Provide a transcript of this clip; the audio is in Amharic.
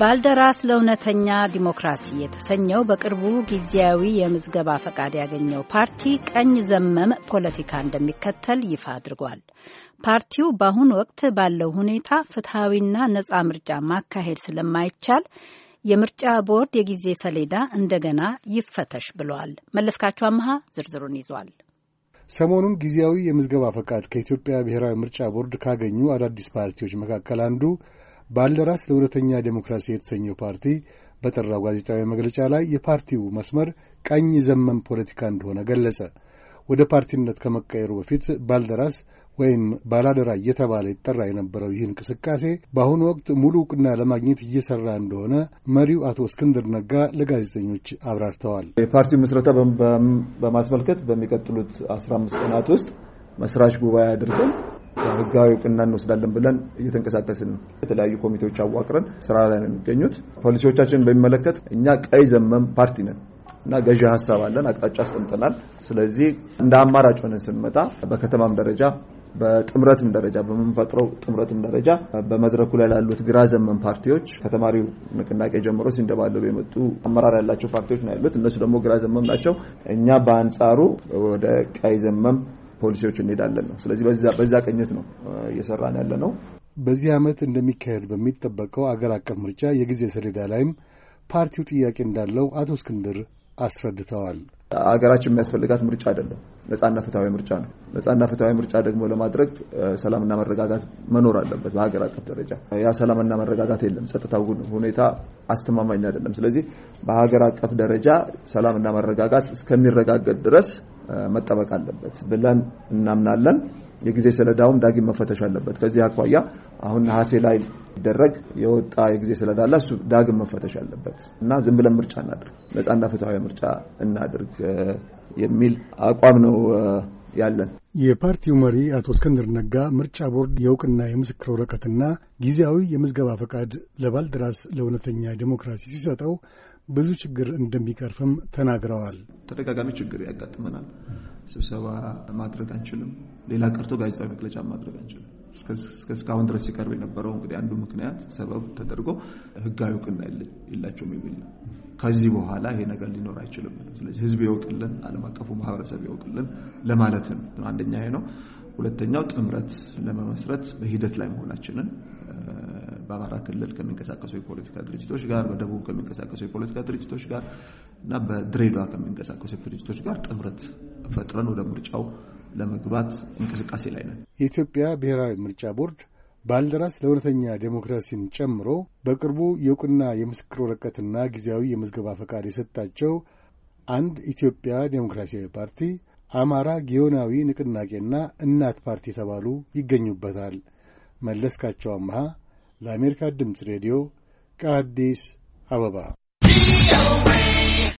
ባልደራስ ለእውነተኛ ዲሞክራሲ የተሰኘው በቅርቡ ጊዜያዊ የምዝገባ ፈቃድ ያገኘው ፓርቲ ቀኝ ዘመም ፖለቲካ እንደሚከተል ይፋ አድርጓል። ፓርቲው በአሁኑ ወቅት ባለው ሁኔታ ፍትሐዊና ነጻ ምርጫ ማካሄድ ስለማይቻል የምርጫ ቦርድ የጊዜ ሰሌዳ እንደገና ይፈተሽ ብለዋል። መለስካቸው አመሃ ዝርዝሩን ይዟል። ሰሞኑን ጊዜያዊ የምዝገባ ፈቃድ ከኢትዮጵያ ብሔራዊ ምርጫ ቦርድ ካገኙ አዳዲስ ፓርቲዎች መካከል አንዱ ባልደራስ ለእውነተኛ ዴሞክራሲ የተሰኘው ፓርቲ በጠራው ጋዜጣዊ መግለጫ ላይ የፓርቲው መስመር ቀኝ ዘመም ፖለቲካ እንደሆነ ገለጸ። ወደ ፓርቲነት ከመቀየሩ በፊት ባልደራስ ወይም ባላደራ እየተባለ ይጠራ የነበረው ይህ እንቅስቃሴ በአሁኑ ወቅት ሙሉ እውቅና ለማግኘት እየሰራ እንደሆነ መሪው አቶ እስክንድር ነጋ ለጋዜጠኞች አብራርተዋል። የፓርቲው ምስረታ በማስመልከት በሚቀጥሉት አስራ አምስት ቀናት ውስጥ መስራች ጉባኤ አድርገን ህጋዊ እውቅና እንወስዳለን ብለን እየተንቀሳቀስን ነው። የተለያዩ ኮሚቴዎች አዋቅረን ስራ ላይ ነው የሚገኙት። ፖሊሲዎቻችንን በሚመለከት እኛ ቀይ ዘመም ፓርቲ ነን እና ገዢ ሀሳብ አለን፣ አቅጣጫ አስቀምጠናል። ስለዚህ እንደ አማራጭ ሆነን ስንመጣ በከተማም ደረጃ በጥምረትም ደረጃ በምንፈጥረው ጥምረትም ደረጃ በመድረኩ ላይ ላሉት ግራ ዘመን ፓርቲዎች ከተማሪው ንቅናቄ ጀምሮ ሲንደባለሉ የመጡ አመራር ያላቸው ፓርቲዎች ነው ያሉት። እነሱ ደግሞ ግራ ዘመም ናቸው። እኛ በአንጻሩ ወደ ቀይ ዘመም ፖሊሲዎች እንሄዳለን ነው። ስለዚህ በዛ ቅኝት ነው እየሰራን ያለ ነው። በዚህ ዓመት እንደሚካሄድ በሚጠበቀው አገር አቀፍ ምርጫ የጊዜ ሰሌዳ ላይም ፓርቲው ጥያቄ እንዳለው አቶ እስክንድር አስረድተዋል። አገራችን የሚያስፈልጋት ምርጫ አይደለም፣ ነጻና ፍትሐዊ ምርጫ ነው። ነጻና ፍትሐዊ ምርጫ ደግሞ ለማድረግ ሰላምና መረጋጋት መኖር አለበት በሀገር አቀፍ ደረጃ። ያ ሰላምና መረጋጋት የለም፣ ጸጥታ ሁኔታ አስተማማኝ አይደለም። ስለዚህ በሀገር አቀፍ ደረጃ ሰላምና መረጋጋት እስከሚረጋገጥ ድረስ መጠበቅ አለበት ብለን እናምናለን። የጊዜ ሰሌዳውም ዳግም መፈተሽ አለበት። ከዚህ አኳያ አሁን ነሐሴ ላይ ይደረግ የወጣ የጊዜ ሰሌዳ አለ። እሱ ዳግም መፈተሽ አለበት እና ዝም ብለን ምርጫ እናድርግ፣ ነፃና ፍትሐዊ ምርጫ እናድርግ የሚል አቋም ነው ያለን። የፓርቲው መሪ አቶ እስክንድር ነጋ ምርጫ ቦርድ የእውቅና የምስክር ወረቀትና ጊዜያዊ የምዝገባ ፈቃድ ለባልደራስ ለእውነተኛ ዴሞክራሲ ሲሰጠው ብዙ ችግር እንደሚቀርፍም ተናግረዋል። ተደጋጋሚ ችግር ያጋጥመናል። ስብሰባ ማድረግ አንችልም። ሌላ ቀርቶ ጋዜጣዊ መግለጫ ማድረግ አንችልም። እስካሁን ድረስ ሲቀርብ የነበረው እንግዲህ አንዱ ምክንያት ሰበብ ተደርጎ ህጋዊ እውቅና የላቸውም የሚል ነው። ከዚህ በኋላ ይሄ ነገር ሊኖር አይችልም። ስለዚህ ህዝብ ይወቅልን፣ ዓለም አቀፉ ማህበረሰብ ይወቅልን ለማለት ነው። አንደኛ ነው። ሁለተኛው ጥምረት ለመመስረት በሂደት ላይ መሆናችንን በአማራ ክልል ከሚንቀሳቀሱ የፖለቲካ ድርጅቶች ጋር፣ በደቡብ ከሚንቀሳቀሱ የፖለቲካ ድርጅቶች ጋር እና በድሬዳዋ ከሚንቀሳቀሱ ድርጅቶች ጋር ጥምረት ፈጥረን ወደ ምርጫው ለመግባት እንቅስቃሴ ላይ ነን። የኢትዮጵያ ብሔራዊ ምርጫ ቦርድ ባልደራስ ለእውነተኛ ዴሞክራሲን ጨምሮ በቅርቡ የእውቅና የምስክር ወረቀትና ጊዜያዊ የምዝገባ ፈቃድ የሰጣቸው አንድ ኢትዮጵያ ዴሞክራሲያዊ ፓርቲ፣ አማራ ጊዮናዊ ንቅናቄና እናት ፓርቲ የተባሉ ይገኙበታል። መለስካቸው አምሃ ለአሜሪካ ድምፅ ሬዲዮ ከአዲስ አበባ